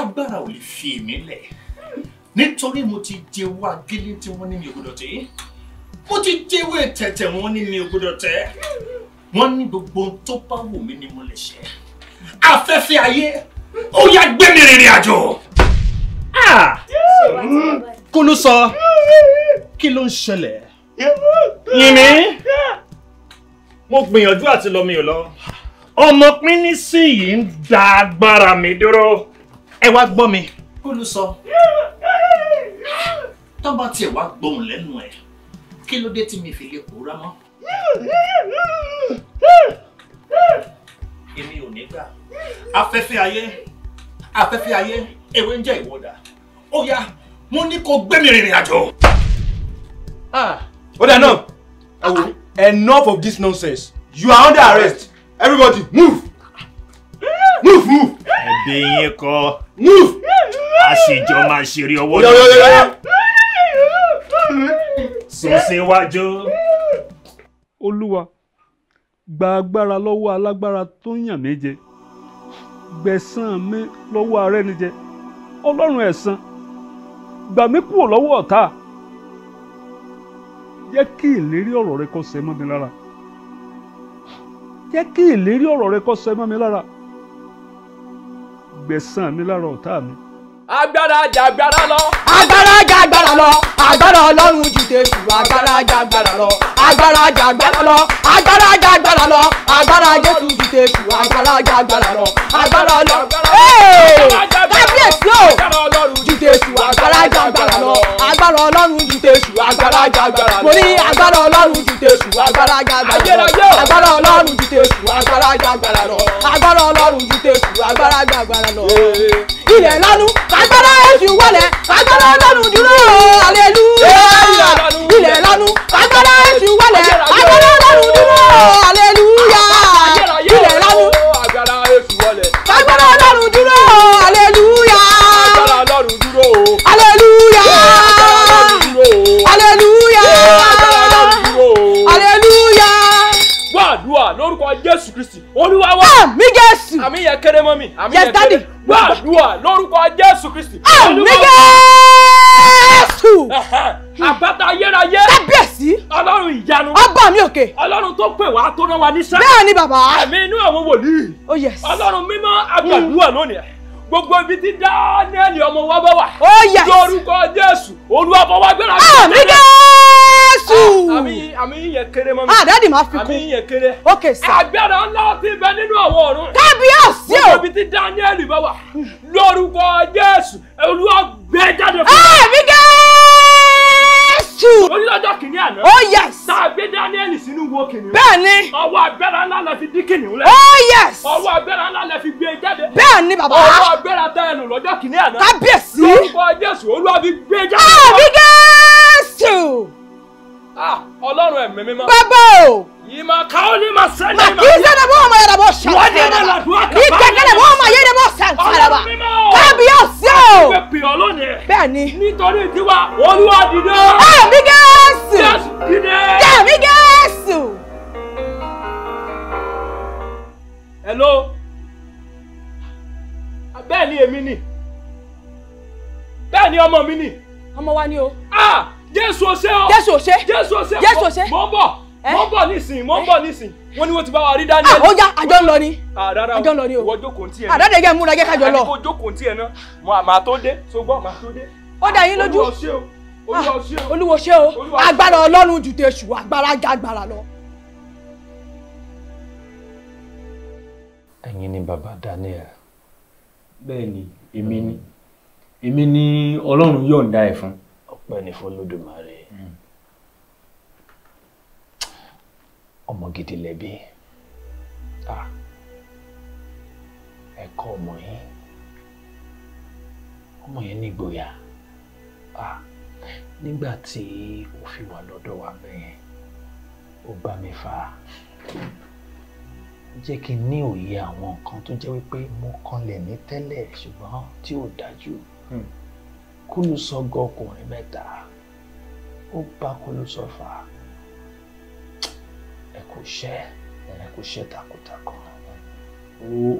agbára ò lè fi èmi lẹ̀ nítorí mo ti jẹ́wọ́ agélé
tí wọ́n ní mi ò gbọ́dọ̀ tẹ̀ mo ti jẹ́wọ́ tẹ̀tẹ̀ wọ́n ní mi ò gbọ́dọ̀ tẹ̀ wọ́n ní gbogbo ohun tó bá wù mí ni mo lè ṣe afẹ́fẹ́ ayé ó yá gbé àjò kó ló sọ kí ló ń ṣẹlẹ̀ yìnyín mo gbìyànjú àti lọ mi ò lọ ọmọ pín nísìnyí ń da agbára mi dúró ẹ wá gbọ́ mi. kó ló sọ tó tiẹ̀ wá gbóhùn lẹ́nu ẹ̀ kí ló dé tí mi fi lè pòórá mọ́. èmi ò ní gbà afẹ́fẹ́ ayé afẹ́fẹ́ ayé ewé ń jẹ́ ìwọ́dà ó yá mo ní kó gbé mi rìnrìn àjò. ó dà náà enough of this nonsense you are under arrest everybody move move move. ẹbí yín kọ move. a sì jọ máa ṣeré ọwọ́ lórí.
sùn síwájú. olúwa gba agbára lọ́wọ́ alágbára tó yàn mí jẹ gbẹ̀san mi lọ́wọ́ arẹ́nijẹ ọlọ́run ẹ̀san. E gbà mí kúrò lọ́wọ́ ọ̀tá jẹ́ kí ìlérí ọ̀rọ̀ rẹ kó ṣẹ mọ́ mi lára jẹ́ kí ìlérí ọ̀rọ̀ rẹ kó ṣẹ mọ́ mi lára gbẹ̀san mi lára ọ̀tá mi. agbára jà agbára lọ. agbára jà agbára lọ agbára ọlọ́run ju tètù agbára jà agbára lọ agbára jà agbára lọ agbára jà agbára lọ agbára jésù ju tètù agbára jà agbára lọ agbára ọlọ́run.
tètù agbára ju agbára lọ
agbára ọlọ́run ju tètù agbára ju agbára lọ ilẹ̀ lọ́nu agbára èṣù wọlẹ̀ agbára ọlọ́run dúró alelu ilẹ̀ lọ́nu agbára èṣù wọlẹ̀ agbára ọlọ́run dúró. jésù kristi olúwa wa. àmì ah, jésù. àmì yẹn kéré mọ́ mi. àmì yẹn kéré wá àdúrà lórúkọ jésù kristi. àmì ah, jésù. àbáta ayérayé. kábíyèsí. ọlọ́run ìyanu. ọba mi òkè. ọlọ́run tó pè wá tó rán wa níṣẹ́. bẹ́ẹ̀ ni bàbá. àmì inú àwọn wòlíì. ó oh, yẹ. ọlọ́run mímọ́ àgbàdua hmm. lónìí gbogbo ibi tí Daniel ọmọ wa bá wà. ó oh, yẹ lórúkọ Jésù Olúwa bọ̀ wá gbéra. àmì Jésù. àmì àmì yẹn kéré mọ́ àdáàdì ah, máa fi kún. àmì yẹn kéré. ok sir. agbára ńlá ti bẹ nínú àwọn ọ̀run. kábíyèsí o. gbogbo ibi tí Daniel bá wà lórúkọ Jésù Olúwa gbé ah, mi. Jésù you. orí kìíní àná. oh yes. tá a gbé Daniel sínú wo kìnìún. bẹ́ẹ̀ni. ọwọ́ abẹ́rẹ́ ńlá lẹ fi dí kìnìún lẹ. oh yes. ọwọ́ abẹ́rẹ́ ńlá lẹ fi gbé e jáde. bẹ́ẹ̀ni bàbá. ọwọ́ abẹ́rẹ́ tá ẹnu lọ́jọ́ kìíní àná. kábíyèsí. lórúkọ Jésù Olúwa fi gbé e jáde. ah biggest you. ah Ọlọ́run ẹ̀mí mímọ́. bàbá o. Yima kaoli masenda. Makiza na mwa mayara bo shakaraba. Wadi na ladua pè ọ́ lónìí. bẹ́ẹ̀ni. nítorí tiwa olúwa dìde. ẹ̀mí gẹ̀ẹ́sì. jésù dìde. ẹ̀mí gẹ̀ẹ́sì. hello bẹ́ẹ̀ ni èmi ni bẹ́ẹ̀ ni ọmọ mi ni. ọmọ wa ni o. ah jésù ò ṣe o. jésù ò ṣe. jésù ò ṣe. jésù ò ṣe. mo ń bọ̀. Eh? mọ́ bọ̀ nísìn mọ́ bọ̀ nísìn wọ́n ní wọ́n ti bá wa rí Daniel. Ah, ó yá àjọ ń lọ ni àjọ ah, ń lọ ni o ìwọ jókòó ntí ẹ ah, náà àdáde gẹ múra gẹ kájọ lọ àdìgbò jókòó ntí ẹ náà mọ àmà tó dé sọgbọ́n àmà tó dé. ó dá yín lójú olúwo ṣé o agbára ọlọ́run jù tẹ̀sù agbára já agbára lọ.
ẹ̀yin ni bàbá Daniel. bẹ́ẹ̀ ni èmi ni hmm. èmi ni ọlọ́run yọ̀ǹda ẹ̀ fún. ọpẹ́ ni fọlọ́dúnmarè. ọmọ gidi lẹ́bí ẹ kọ́ ọmọ yín ọmọ yẹn nígboyà nígbà tí ó fi wà lọ́dọ̀ wa bẹ́yẹn ó bá mi fà á jẹ́ kí n ní òye àwọn nǹkan tó jẹ́ wípé mo kanlẹ̀ ní tẹ́lẹ̀ ṣùgbọ́n tí ò dájú hmm. kúlù sọ gọ ọkùnrin mẹ́ta ó bá kúlù sọ fà kò ṣẹ́ kò ṣẹ́ takuntakun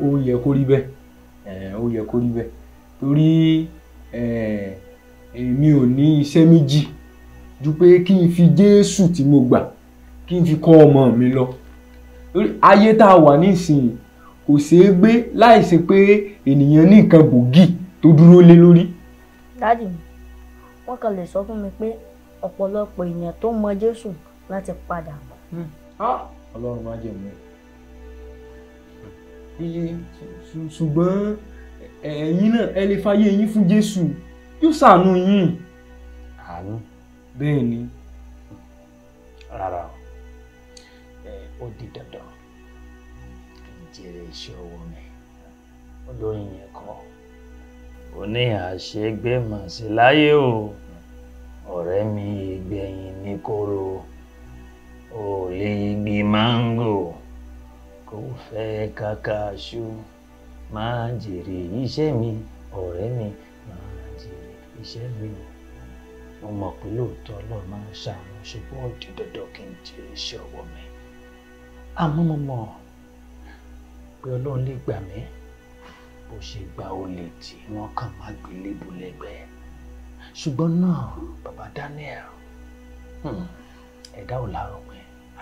ó yẹ kó rí bẹ́ẹ̀ ó yẹ kó
rí bẹ́ẹ̀ torí èmi ò ní iṣẹ́ méjì ju pé kí n fi Jésù tí mo gbà kí n fi kọ́ ọmọ mi lọ ayé tá a wà nísìnyí kò ṣeé gbé láìsí pé ènìyàn ní nǹkan gbòógì tó dúró lé lórí.
dádì mi kàn lè sọ fún mi pé ọ̀pọ̀lọpọ̀ èèyàn tó mọ Jésù láti padà bọ̀. Hmm
ọlọ́run má jẹ̀ mú iye ṣùgbọ́n
ẹ̀yin náà ẹ lè fàyè yín fún Jésù yóò ṣàánú yín.
àánú. bẹ́ẹ̀ ni. rárá o ó di dandan kí n jèrè iṣẹ́ ọwọ́ mi olóyin yẹn kọ́
ó ní àṣegbè o ọ̀rẹ́ mi
ìgbẹ̀yìn ní kóró ò lè gbin máńgò kò fẹ́ kàkà ṣú máa jèrè iṣẹ́ mi ọ̀rẹ́ mi máa jèrè iṣẹ́ mo mọ̀ pé lóòótọ́ ọlọ́run máa ń ṣàánú ṣùgbọ́n ó di dandan kí n jèrè iṣẹ́ ọwọ́ mi àmọ́ mo mọ̀ pé ọlọ́run lè gbà mí bó ṣe gba olè tí wọ́n kàn má gbélé bulẹ̀gbẹ́ ṣùgbọ́n náà bàbá Daniel hmm, ẹ̀dá ò lárọ̀ pé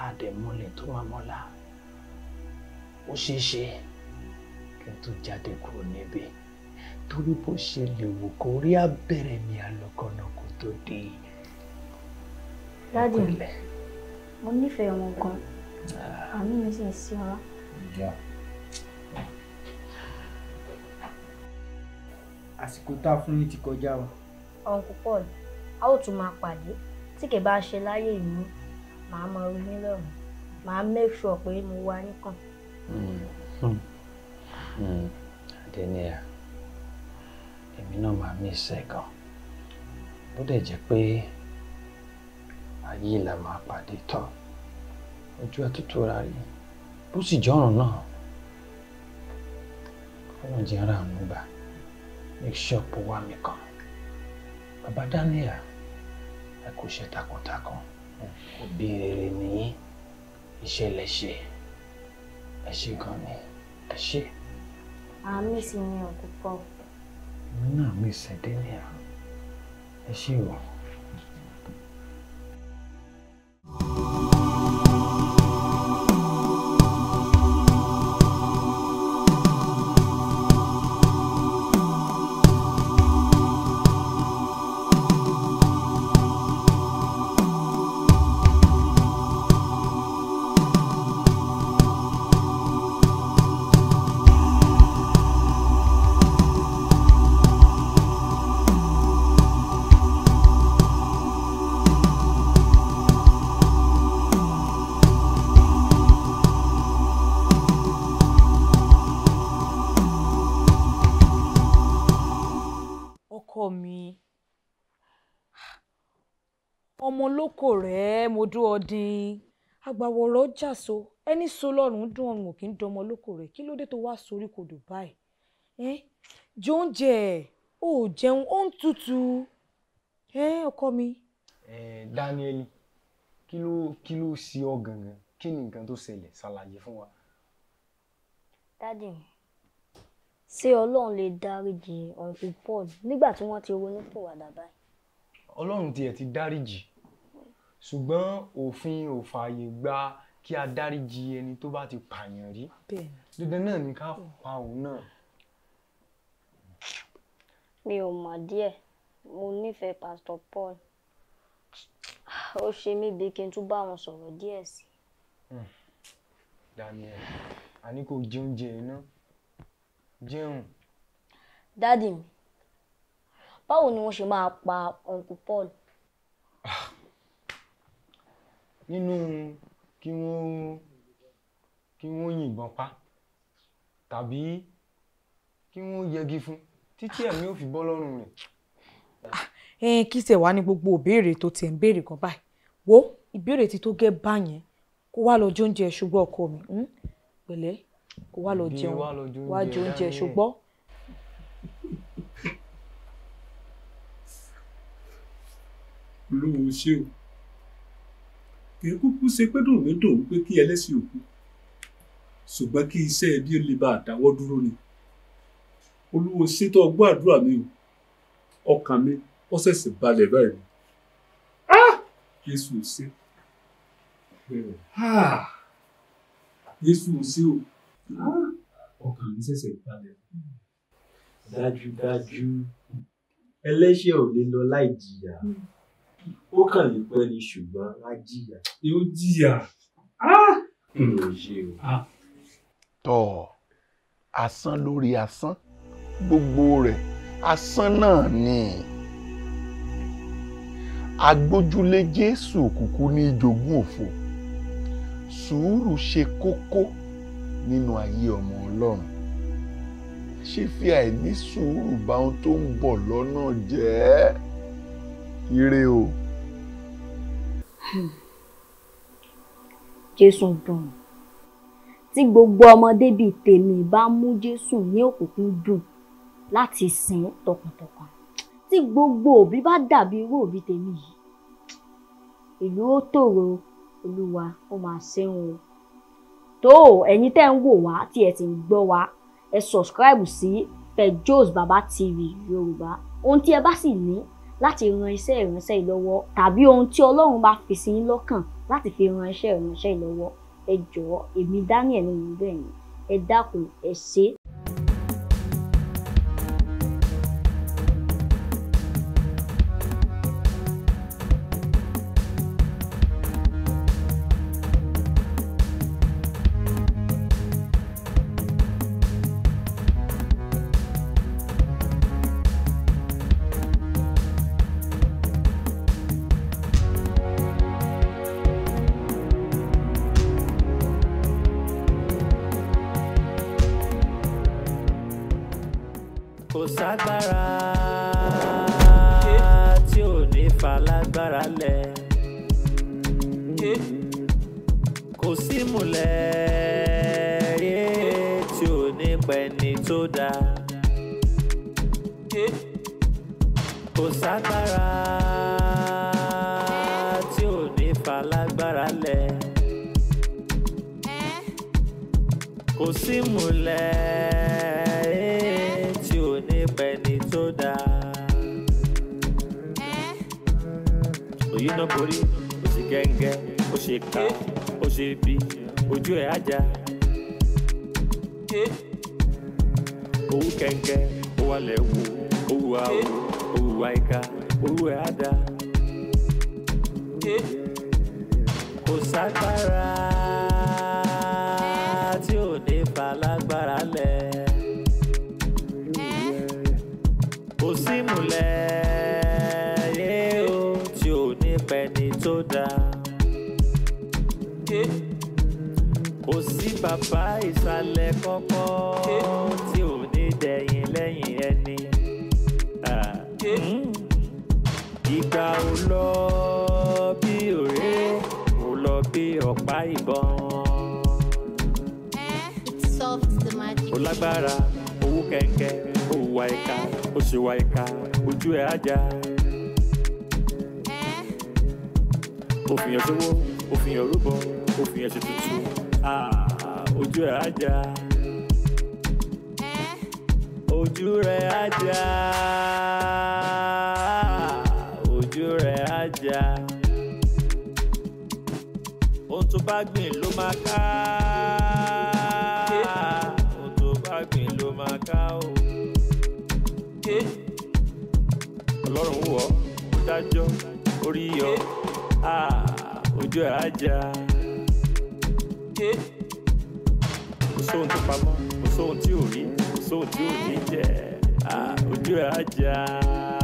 àdẹ̀múlẹ̀ tó máa mọ́lá ó ṣeé ṣe kí n tó jáde kúrò níbí torí bó ṣe lè wò kó rí abẹ́rẹ́ mi àlọ́kọ̀nà kó tó dé.
dádì mo nífẹ̀ẹ́ wọn gan ah. àmì mi sì ń sí ọlá.
àsìkò tá a fún yín ti kọjá o.
ọ̀nkú paul a ó tún máa pàdé tí kì bá ṣe láyé ìlú màá mọ oyin lọ́rùn màá make sure pé mo wà nìkan.
Hmm. Hmm. adenia èmi náà máa mí ìṣe gan bó dẹ̀ jẹ́ pé ayé la máa pàdé tán ojú àtútù ra rí bó sì jọ̀ràn náà ọlọ́run jẹ́ ara àánú gbà make sure pé wà mí kan bàbá daniel ẹ kò ṣe takuntakun òbí rere nìyí ìṣẹ̀lẹ̀ ṣe ẹ ṣe gan ni ẹ ṣe.
àmì sì ni òkú pọ.
mi náà mi ṣẹ̀dé ni à ẹ ṣe thank you
ọ̀rẹ́ mo dún ọdín àgbàwọ̀rọ̀ jà so ẹni so lọ́rùn dún ọrùn ò kì í dọmọ lóko rẹ̀ kí ló dé tó wá sórí kodò báyìí jẹ oúnjẹ ò jẹun ó ń tutù ọkọ mi.
Daniel kí ló kí ló ṣe ọ gangan kí ni nǹkan tó ṣẹlẹ̀ ṣàlàyé
fún wa. dádì ṣé ọlọ́run lè dáríjì ọ̀nkú Paul nígbà tí wọ́n ti ronú pòwàdà báyìí.
ọlọ́run tiẹ̀ ti dáríjì ṣùgbọ́n òfin ò fààyè gba kí a dáríji ẹni tó bá ti pààyàn rí dandan náà ni ká pa òun náà.
mi ò mọ̀ díẹ̀ mo nífẹ̀ẹ́ Pastor Paul ó ṣe mí bí kí n tún bá wọn sọ̀rọ̀ díẹ̀ sí i.
Hmm. Daniel a ní kò jẹun jẹ iná jẹun.
dádì mi báwo ni wọ́n ṣe máa pa uncle Paul.
nínú kí wọ́n
kí wọ́n
yìnbọn pa tàbí kí wọ́n yẹgi fún
títí ẹ̀mí ò fi bọ́ lọ́rùn rẹ̀.
ẹ ah, eh, kí ṣe wá ní gbogbo ìbéèrè tó tiẹ̀ ń béèrè kan báyìí wo ìbéèrè ti tó gẹ́ báyẹn kó wá lọ jóúnjẹ ṣùgbọ́n ọkọ mi hmm? pẹ̀lẹ́ kó wá lọ jẹun wá jóúnjẹ ṣùgbọ́n.
olówó kì í kúkú ṣe pé dùn mí dùn pé kí ẹlẹ́sìn òkú ṣùgbọ́n kí iṣẹ́ ẹbí lè bá àdáwọ́ dúró ni olúwo ṣètò ọgbọ́n àdúrà mi o ọkàn mi ó ṣẹ̀ṣẹ̀ balẹ̀ báyìí ah! Jésù ṣe ah!
Jésù ṣe o ah! ọkàn mi ṣẹ̀ṣẹ̀ balẹ̀ dájúdájú ẹlẹ́ṣẹ̀ ò lè lọ láì jìyà. Mm ó kàn lè pẹ́ ni ṣùgbọ́n á jìyà.
yóò jìyà. kò ah!
hmm, ṣe o.
Ah. tọ́ asán lórí asán gbogbo rẹ̀ asán náà ni agbójúlé Jésù òkùnkùn ní ìjogún òfò sùúrù ṣe kókó nínú ayé ọmọ Ọlọ́run ṣé fi àìní sùúrù bá ohun tó ń bọ̀ lọ́nà jẹ́ ire o.
Hmm. Jésù dùn tí gbogbo ọmọdé bíi tèmi bá mú Jésù ní òkùnkùn dùn láti sìn tọkàntọkàn tí gbogbo òbí bá dàbí irú òbí tèmi yìí ìlú ó tòrò olúwa ó máa ṣẹ́wọ̀n o tó ẹ̀yin tẹ́ ń wò wá tí ẹ ti ń gbọ́ wá ẹ subscribe sí Fejosbaba TV Yorùbá ohun tí ẹ bá sì ní láti ran iṣẹ́ ìránṣẹ́ yìí tàbí ohun tí Ọlọ́run bá fi sí yín lọ́kàn láti fi ran iṣẹ́ ìránṣẹ́ yìí ẹ jọ̀ọ́ èmi Daniel ni mo bẹ̀ yín ẹ dákun ẹ ṣe é.
ságbára tí ò ní falágbára lẹ kò sí múlẹ̀ tí ò ní pẹ̀ni tó dáa kò ságbára tí ò ní falágbára lẹ kò sí múlẹ̀. ṣe ká ó ṣe bí ojú ẹ̀ ajá. owó kẹ̀kẹ́ ó wálẹ̀ wò owó àwò owó àìká owó ẹ̀ àdá. kò ságbára tí ò ní fa lágbára kò sí bàbá ìsàlẹ̀ kọ́kọ́ tí ò ní dẹ̀yìn lẹ́yìn ẹni. Hmm. ìgbà ò lọ bí òré ò lọ bí ọ̀pá ìbọn. Eh, ó lágbára owó kẹ̀kẹ́ ó wà ìka ó ṣe wà ìka ojú ẹ̀ ajá. òfìyàn ṣòwò òfìyàn rúbọ òfìyàn ṣètùtù ojú ẹ̀ á já ojú rẹ̀ á já ojú rẹ̀ á já ohun tó bá gbìn ló máa ká ohun tó bá gbìn ló máa ká o. ọlọ́run wò ó dájọ́ orí yọ ojú ẹ̀ á ṣe. kò sóhun tó pamọ́ kò sóhun tí ò rí kò sóhun tí ò ní jẹ́ ah, ojú ẹ̀ á